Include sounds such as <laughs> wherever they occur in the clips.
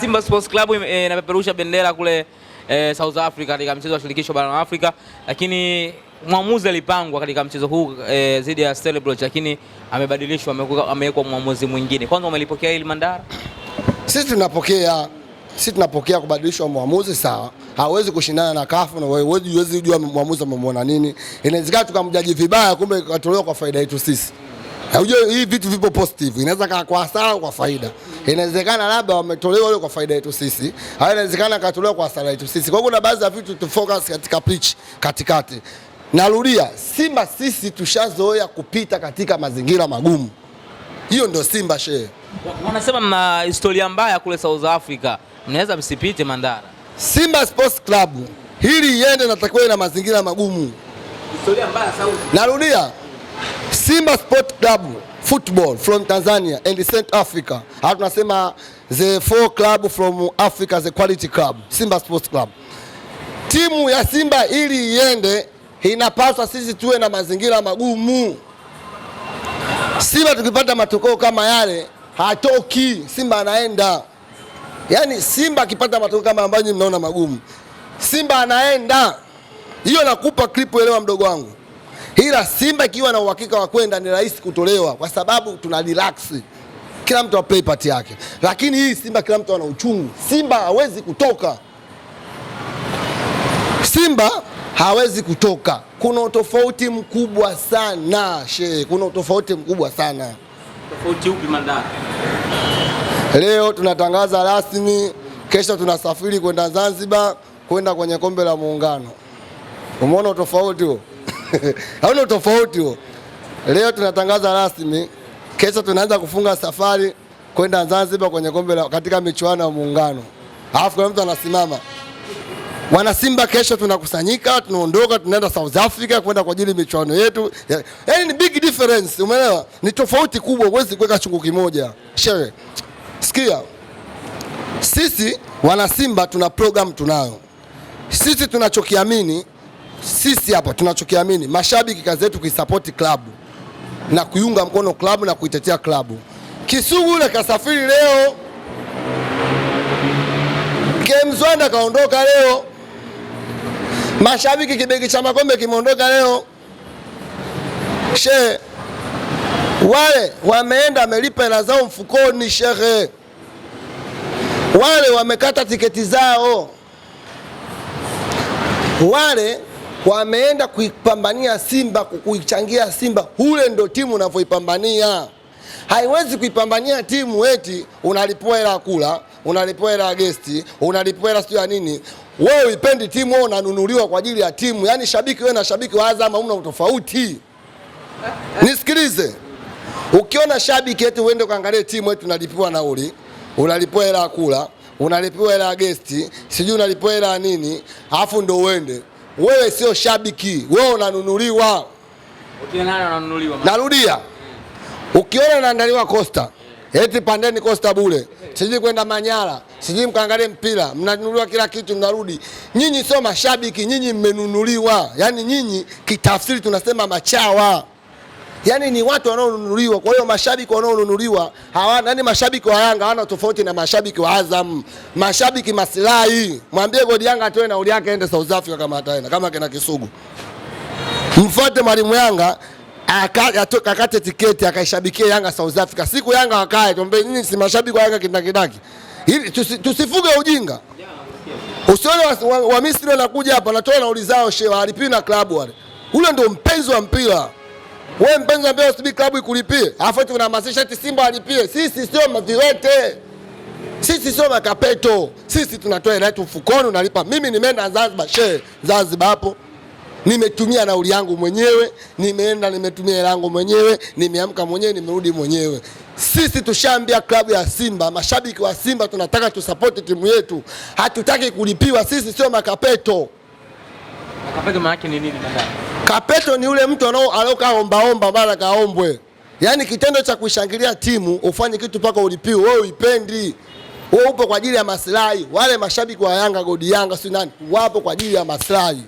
Simba Sports Club eh, inapeperusha e, bendera kule e, South Africa katika mchezo wa shirikisho barani Afrika, lakini mwamuzi alipangwa katika mchezo huu e, eh, dhidi ya Stellenbosch, lakini amebadilishwa, amewekwa mwamuzi mwingine. Kwanza umelipokea hili Mandara? Sisi tunapokea sisi tunapokea kubadilishwa mwamuzi sawa, hawezi kushindana na kafu na wewe, huwezi jua mwamuzi amemwona nini. Inawezekana tukamjaji vibaya, kumbe katolewa kwa faida yetu sisi. Eh, unajua hii vitu vipo positive, inaweza kaa kwa hasara au kwa faida. Inawezekana labda wametolewa ile kwa faida yetu sisi, au inawezekana katolewa kwa hasara yetu sisi. Kwa hiyo kuna baadhi ya vitu tu focus katika pitch katikati. Narudia, Simba sisi tushazoea kupita katika mazingira magumu. Hiyo ndio Simba shehe. Wanasema mna historia mbaya kule South Africa, mnaweza msipite Mandara. Simba Sports Club hili iende natakiwa na mazingira magumu. Historia mbaya South. Narudia Simba Sport Club football from Tanzania and South Africa, tunasema the four club from Africa, the quality club, Simba Sports Club. Timu ya Simba ili iende, inapaswa sisi tuwe na mazingira magumu. Simba tukipata matokeo kama yale hatoki, Simba anaenda. Yaani Simba akipata matokeo kama ambayo mnaona magumu, Simba anaenda. Hiyo nakupa clip, elewa mdogo wangu. Ila Simba ikiwa na uhakika wa kwenda ni rahisi kutolewa, kwa sababu tuna relax, kila mtu aplay part yake. Lakini hii Simba kila mtu ana uchungu. Simba hawezi kutoka, Simba hawezi kutoka. Kuna utofauti mkubwa sana she, kuna utofauti mkubwa sana. Tofauti upi Mandala? Leo tunatangaza rasmi, kesho tunasafiri kwenda Zanzibar kwenda kwenye kombe la Muungano. Umeona utofauti huo? <laughs> hauna utofauti huo. Leo tunatangaza rasmi, kesho tunaanza kufunga safari kwenda Zanzibar kwenye kombe la katika michuano ya Muungano, alafu kuna mtu anasimama Wana Simba kesho tunakusanyika, tunaondoka, tunaenda South Africa kwenda kwa ajili michuano yetu. Yaani ni big difference, umeelewa? Ni tofauti kubwa, huwezi kuweka chungu kimoja. Shere. Sikia. Sisi wana Simba tuna program tunayo. Sisi tunachokiamini sisi hapa tunachokiamini mashabiki, kazi yetu kuisapoti klabu na kuiunga mkono klabu na kuitetea klabu. Kisugu ule kasafiri leo, wanda kaondoka leo, mashabiki kibegi cha makombe kimeondoka leo. Shehe, wale wameenda wamelipa hela zao mfukoni, shehe, wale wamekata tiketi zao wale wameenda kuipambania Simba, kuichangia Simba. Hule ndo timu unavyoipambania, haiwezi kuipambania timu eti unalipua hela ya kula, unalipua hela ya gesti, unalipua hela sio ya nini. Wewe uipendi timu, wewe unanunuliwa kwa ajili ya timu. Yaani shabiki wewe na shabiki wa Azam una utofauti. Nisikilize, ukiona shabiki eti uende kaangalie timu eti unalipiwa nauli, unalipiwa hela ya kula, unalipiwa hela ya gesti, sijui unalipiwa hela ya nini, afu ndo uende wewe sio shabiki, wewe unanunuliwa. Narudia, hmm. ukiona naandaliwa kosta hmm. eti pandeni kosta bure, sijui kwenda Manyara, sijui mkaangalie mpira, mnanunuliwa kila kitu, mnarudi. Nyinyi sio mashabiki, nyinyi mmenunuliwa. Yaani nyinyi kitafsiri tunasema machawa yani ni watu wanaonunuliwa. Kwa hiyo mashabiki wanaonunuliwa hawana, yani mashabiki wa Yanga hawana tofauti na mashabiki wa Azam, mashabiki maslahi. Mwambie Godi Yanga atoe nauli yake aende South Africa, kama ataenda kama kina Kisugu, mfuate mwalimu Yanga akate tiketi akaishabikia Yanga South Africa, siku Yanga wakae tuombe nini, si mashabiki wa Yanga kindakindaki hili, tusifuge ujinga. Usione wa Misri wanakuja hapa natoa nauli zao shehe, hawalipi na klabu wale. Ule ndio mpenzi wa mpira. Wewe mpenzi ambaye usibi klabu ikulipie, alafu eti unahamasisha eti Simba alipie. Sisi sio maviwete, sisi sio makapeto, sisi tunatoa hela yetu mfukoni, unalipa. Mimi nimeenda Zanzibar, she, Zanzibar hapo nimetumia nauli yangu mwenyewe, nimeenda nimetumia hela yangu mwenyewe, nimeamka mwenyewe, nimerudi mwenyewe. Sisi tushaambia klabu ya Simba, mashabiki wa Simba tunataka tusapoti timu yetu, hatutaki kulipiwa. Sisi sio makapeto. Kapeto maana yake ni nini dada? Kapeto ni yule mtu omba omba bana kaombwe. Yaani kitendo cha kuishangilia timu ufanye kitu mpaka ulipiwe, wewe uipendi. Wewe upo kwa ajili ya maslahi. Wale mashabiki wa Yanga Godi Yanga si nani? Wapo kwa ajili ya maslahi.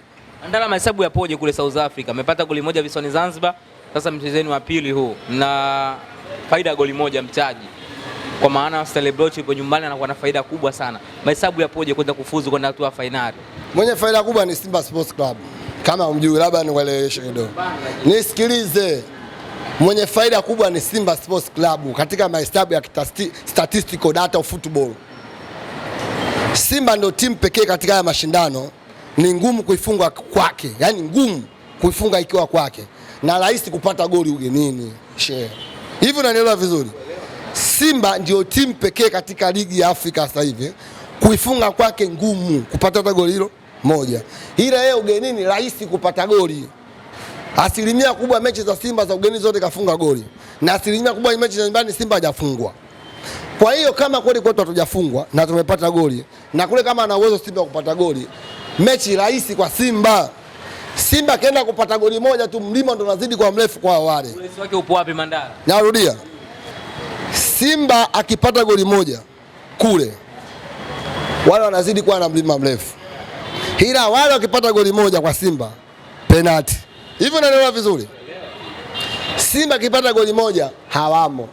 Andala, mahesabu yapoje kule South Africa? Amepata goli moja visiwani Zanzibar. Sasa mchezeni wa pili huu na faida ya goli moja mtaji kwa maana Stellenbosch ipo nyumbani, anakuwa na faida kubwa sana. Mahesabu yapoje kwenda kufuzu kwenda hatua fainali? Mwenye faida kubwa ni Simba Sports Club, kama umjui, labda nikueleweshe kidogo, nisikilize. Mwenye faida kubwa ni Simba Sports Club katika mahesabu ya statistical data of football. Simba ndio timu pekee katika haya mashindano ni ngumu kuifunga kwake, yaani ngumu kuifunga ikiwa kwake, na rahisi kupata goli ugenini. shehe. hivi, unanielewa vizuri? Simba ndio timu pekee katika ligi ya Afrika sasa hivi kuifunga kwake ngumu kupata hata goli hilo moja, ila yeye ugenini rahisi kupata goli. Asilimia kubwa mechi za Simba za ugenini zote kafunga goli, na asilimia kubwa mechi za nyumbani Simba hajafungwa. Kwa hiyo kama kweli kwetu hatujafungwa na tumepata goli, na kule kama ana uwezo Simba kupata goli, mechi rahisi kwa Simba. Simba kaenda kupata goli moja tu, mlima ndo unazidi kwa mrefu kwa wale. Uwezo wake upo wapi Mandala? Narudia. Simba akipata goli moja kule, wale wanazidi kuwa na mlima mrefu, ila wale wakipata goli moja kwa Simba penati hivyo, naelewa vizuri. Simba akipata goli moja hawamo,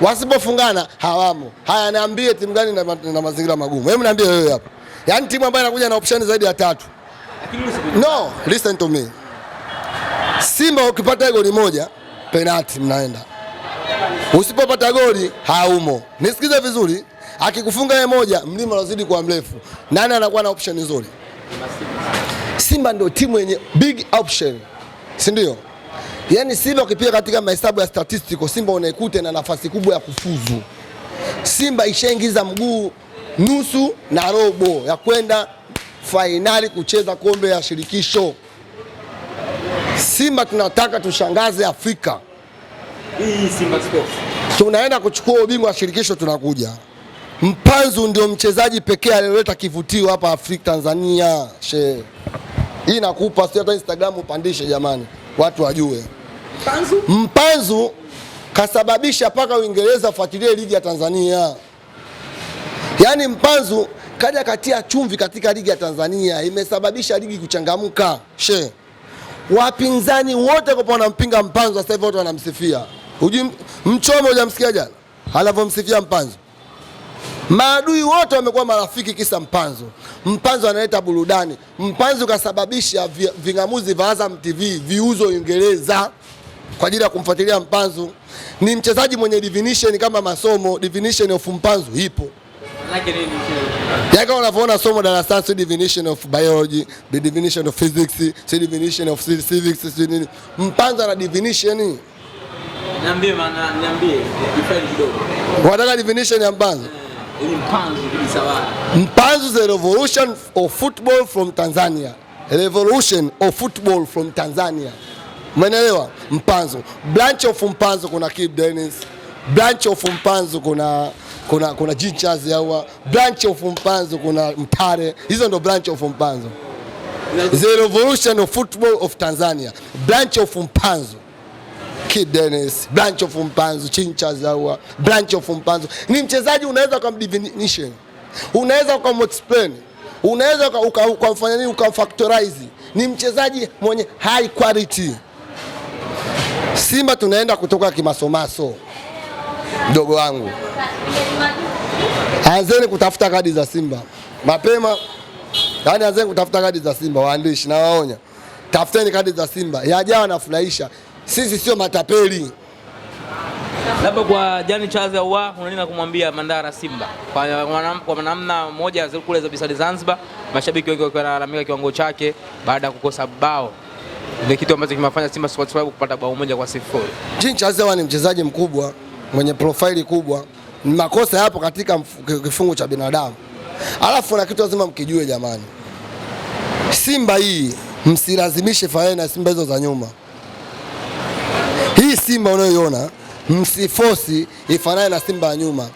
wasipofungana hawamo. Haya, niambie timu gani na, na mazingira magumu? Hebu niambie wewe hapa, yaani timu ambayo inakuja na option zaidi ya tatu. No, listen to me. Simba ukipata goli moja penati mnaenda Usipopata goli haumo. Nisikize vizuri, akikufunga yeye moja, mlima unazidi kuwa mrefu. Nani anakuwa na option nzuri? Simba ndio timu yenye big option, si ndio? Yaani Simba ukipiga katika mahesabu ya statistical, Simba unaikuta na nafasi kubwa ya kufuzu. Simba ishaingiza mguu nusu na robo ya kwenda fainali kucheza kombe ya shirikisho. Simba tunataka tushangaze Afrika. Hii Simba Sports tunaenda kuchukua ubingwa wa shirikisho, tunakuja. Mpanzu ndio mchezaji pekee aliyoleta kivutio hapa Afrika Tanzania. She hii nakupa, sio hata Instagram upandishe, jamani, watu wajue Mpanzu, Mpanzu kasababisha paka Uingereza fuatilie ligi ya Tanzania. Yaani Mpanzu kaja katia chumvi katika ligi ya Tanzania, imesababisha ligi kuchangamka. She wapinzani wote kwa wanampinga Mpanzu, sasa hivi wote wanamsifia. Uji mchomo hujamsikia jana alivyomsifia Mpanzo. Maadui wote wamekuwa marafiki kisa Mpanzo. Mpanzo analeta burudani. Mpanzo kasababisha ving'amuzi vya Azam TV viuzwe Uingereza kwa ajili ya kumfuatilia Mpanzo. Ni mchezaji mwenye divination kama masomo, divination of Mpanzo ipo. Yaka yaani unavyoona somo darasani, si divination of biology, the divination of physics, si divination of civics, si nini. Mpanzo ana divination Niambie maana, niambie ifali kidogo. Wataka definition ya mpanzu? Eh, mpanzu is the revolution of football from Tanzania. A revolution of football from Tanzania. Umeelewa? Mpanzu. Branch of Mpanzu kuna Kip Dennis. Branch of Mpanzu kuna kuna kuna Jinchazi au branch of Mpanzu kuna Mtare. Hizo ndo branch of Mpanzu. The revolution of football of Tanzania. Branch of Mpanzu. Kid Dennis, branch of Mpanzu, Chincha Zawa, branch of Mpanzu. Ni mchezaji unaweza kwa definition. unaweza kwa explain. unaweza kwa ukamfanya nini, ukamfactorize. Ni mchezaji mwenye high quality. Simba tunaenda kutoka kimasomaso, mdogo wangu, anzeni kutafuta kadi za Simba mapema, yaani anzeni kutafuta kadi za Simba, waandishi na waonya, tafuteni kadi za Simba, yajayo anafurahisha sisi sio matapeli. Labda kwa Jani Chaza wa una nini kumwambia Mandara Simba kwa namna moja kule za Zanzibar, mashabiki wengi wakiwa wanalalamika kiwango chake baada ya kukosa bao, ni kitu ambacho kimefanya Simba Sports Club kupata bao moja kwa sifuri. Jani Chaza ni mchezaji mkubwa mwenye profaili kubwa, ni makosa yapo katika kifungu cha binadamu. Alafu na kitu lazima mkijue jamani, Simba hii msilazimishe faena Simba hizo za nyuma hii Simba unayoiona msifosi ifanane na Simba ya nyuma.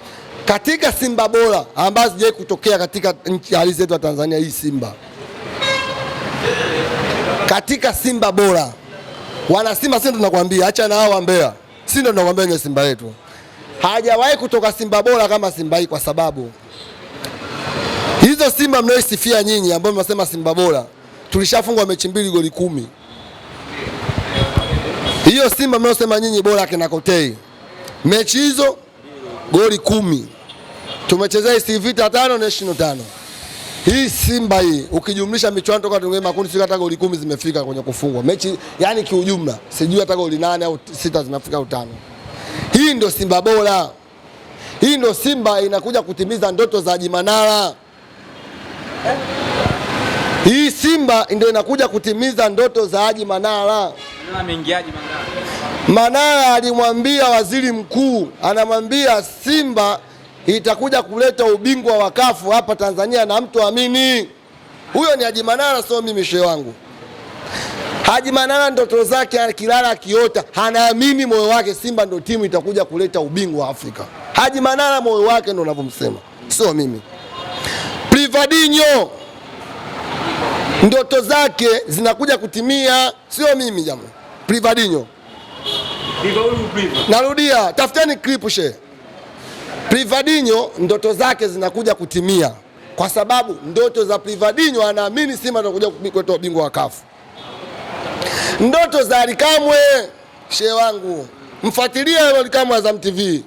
Katika Simba bora ambazo zijawahi kutokea katika nchi hali zetu za Tanzania, hii Simba katika Simba bora wana Simba, sio, tunakwambia, acha na hao wambea, si ndo tunakwambia wenye Simba yetu hajawahi kutoka Simba bora kama Simba hii, kwa sababu hizo Simba mnayoisifia nyinyi, ambao mnasema Simba bora, tulishafungwa mechi mbili goli kumi hiyo Simba mnaosema nyinyi bora akina Kotei, mechi hizo goli kumi tumechezea Vita tano national tano. Hii Simba hii ukijumlisha michuano toka tungeme makundi sio hata goli kumi zimefika kwenye kufungwa mechi, yani kiujumla sijui hata goli nane au sita zinafika au tano. Hii ndio Simba bora, hii ndio Simba inakuja kutimiza ndoto za Haji Manara. Hii Simba ndio inakuja kutimiza ndoto za Haji Manara. Manara alimwambia waziri mkuu, anamwambia Simba itakuja kuleta ubingwa wa kafu hapa Tanzania na mtu amini. Huyo ni Haji Manara, sio mimi shehe wangu. Haji Manara ndoto zake akilala akiota, anaamini moyo wake Simba ndio timu itakuja kuleta ubingwa wa Afrika. Haji Manara moyo wake ndio unavyomsema, sio mimi. Privadinho ndoto zake zinakuja kutimia, sio mimi jamani. Privadinho. Narudia, tafuteni clip she. Privadinho ndoto zake zinakuja kutimia kwa sababu ndoto za Privadinho, anaamini Simba atakuja kutoa ubingwa wa kafu. Ndoto za Alikamwe, shehe wangu, mfuatilie Alikamwe Azam TV,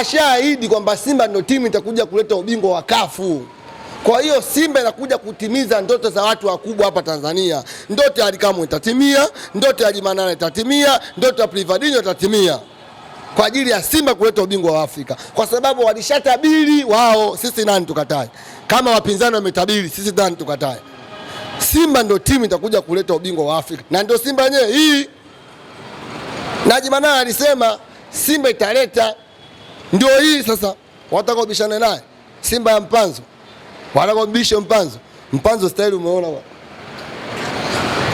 ashaahidi kwamba Simba ndio timu itakuja kuleta ubingwa wa kafu. Kwa hiyo Simba inakuja kutimiza ndoto za watu wakubwa hapa Tanzania. Ndoto ya Alikamu itatimia, ndoto ya Jimanana itatimia, ndoto ya Privadinho itatimia kwa ajili ya Simba kuleta ubingwa wa Afrika, kwa sababu walishatabiri wao. Sisi nani tukatae? Kama wapinzani wametabiri, sisi nani tukatae? Simba ndio timu itakuja kuleta ubingwa wa Afrika na ndio Simba yenyewe hii. Najimanana alisema Simba italeta, ndio hii sasa watakaobishana naye Simba ya mpanzo wanakwambisha mpanzo mpanzo style, umeona wa.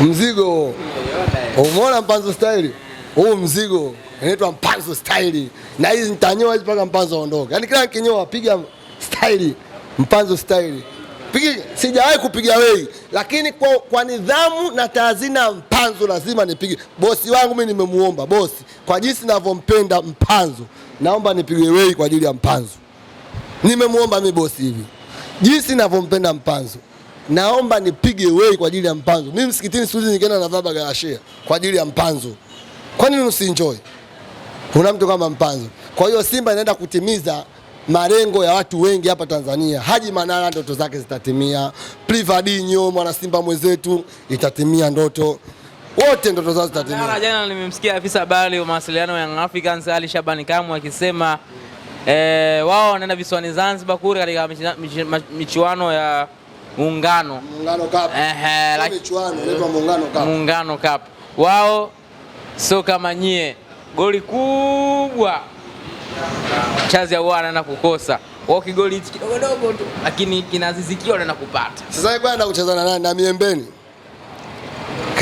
mzigo, umeona mpanzo style huu mzigo inaitwa mpanzo style, na hizi nitanyoa hizi mpaka mpanzo aondoke. Yani kila nikinyoa piga style, mpanzo style piga. Sijawahi kupiga wei, lakini kwa, kwa nidhamu na taazina mpanzo lazima nipige. Bosi wangu mimi nimemuomba bosi, kwa jinsi ninavyompenda mpanzo, naomba nipige wei kwa ajili ya mpanzo. Nimemuomba mi bosi hivi jinsi ninavyompenda Mpanzu, naomba nipige wei kwa ajili ya Mpanzu. Mimi msikitini siku hizi nikienda navaa bagarashia kwa ajili ya Mpanzu. Kwa nini usienjoy? Kuna mtu kama Mpanzu. Kwa hiyo Simba inaenda kutimiza malengo ya watu wengi hapa Tanzania. Haji Manara ndoto zake zitatimia, Privadinho mwana Simba mwenzetu itatimia ndoto wote ndoto zao zitatimia. Jana nimemsikia afisa habari wa mawasiliano ya Africans Ali Shabani Kamwe akisema E, wao wanaenda visiwani Zanzibar kule katika michuano ya Muungano Muungano Cup. Wao sio kama nyie, goli kubwa chazi ya wao anaenda kukosa wao, kigoli hichi kidogo dogo tu, lakini kinazizikiwa anaenda kupata. Sasa bwana, kucheza na nani? Na miembeni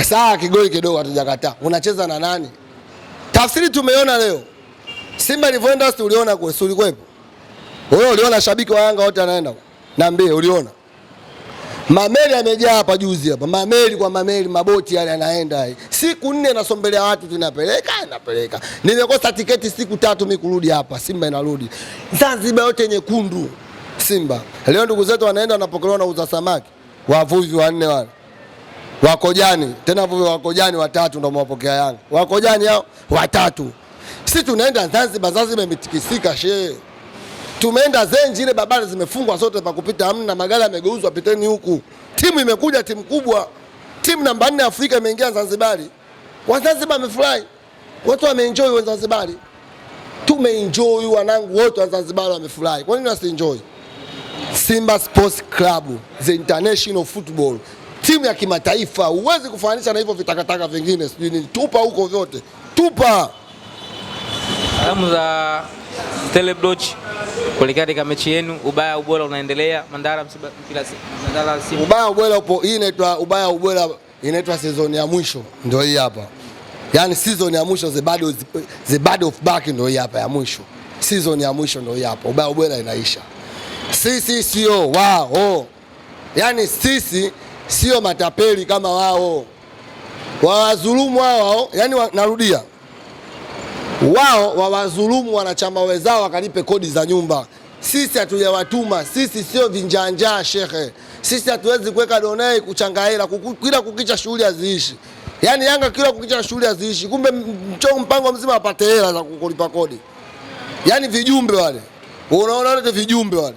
saa kigoli kidogo hatujakataa, unacheza na nani? Tafsiri tumeona leo Simba ilivyoenda sisi uliona kwa sisi ulikwepo? Wewe uliona shabiki wa Yanga wote anaenda. Niambie uliona. Mameli amejaa hapa juzi hapa. Mameli kwa mameli maboti yale yanaenda. Siku nne nasombelea watu tunapeleka, napeleka. Nimekosa tiketi siku tatu mimi kurudi hapa. Simba inarudi. Zanzibar yote nyekundu. Simba. Leo ndugu zetu wanaenda wanapokelewa na uza samaki. Wavuvi wanne wale. Wakojani, tena wavuvi wakojani watatu ndio mwapokea Yanga. Wakojani hao watatu. Si tunaenda Zanzibar, Zanzibar imetikisika she. Tumeenda Zenji, ile barabara zimefungwa zote, pa kupita hamna, magari yamegeuzwa, piteni huku. Timu imekuja, timu kubwa, timu namba nne Afrika imeingia Zanzibari. Wazanzibar wamefurahi, watu wameenjoy, Wazanzibari tumeenjoy, wanangu wote Wazanzibari wamefurahi. Kwa nini wasienjoy? Simba Sports Club, the international football timu ya kimataifa, huwezi kufananisha na hivyo vitakataka vingine, sijui nini. Tupa huko vyote, tupa salamu za Stellenbosch kuelekea katika mechi yenu, ubaya ubora unaendelea Mandala mpira Mandala simu. Ubaya ubora upo, hii inaitwa ubaya ubora, inaitwa season ya mwisho, ndio hii hapa. Yaani season ya mwisho, the battle the battle of back, ndio hii hapa ya mwisho. Season ya mwisho ndio hii hapa, ubaya ubora inaisha. Sisi sio wao, yaani sisi sio matapeli kama wao, wazulumu wao, yaani narudia wao wawadhulumu wanachama wenzao wakalipe kodi za nyumba. Sisi hatujawatuma, sisi sio vinjanjaa shekhe, sisi hatuwezi kuweka donai kuchanga hela kila kukicha, shughuli haziishi. Yaani Yanga kila kukicha shughuli haziishi, kumbe mchongo mpango mzima apate hela za kulipa kodi. Yaani vijumbe wale, unaona wale vijumbe wale,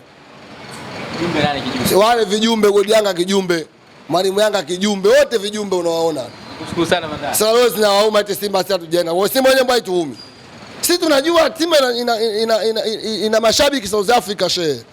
vijumbe nani kijumbe? Wale vijumbe godi Yanga kijumbe, mwalimu Yanga kijumbe, wote vijumbe unawaona. Kushukuru sana madada. Sasa leo zinawauma eti Simba sasa tujaenda. Simba wenyewe mbaya tuumi. Sisi tunajua timu ina, ina, ina, ina, ina, ina mashabiki South Africa shehe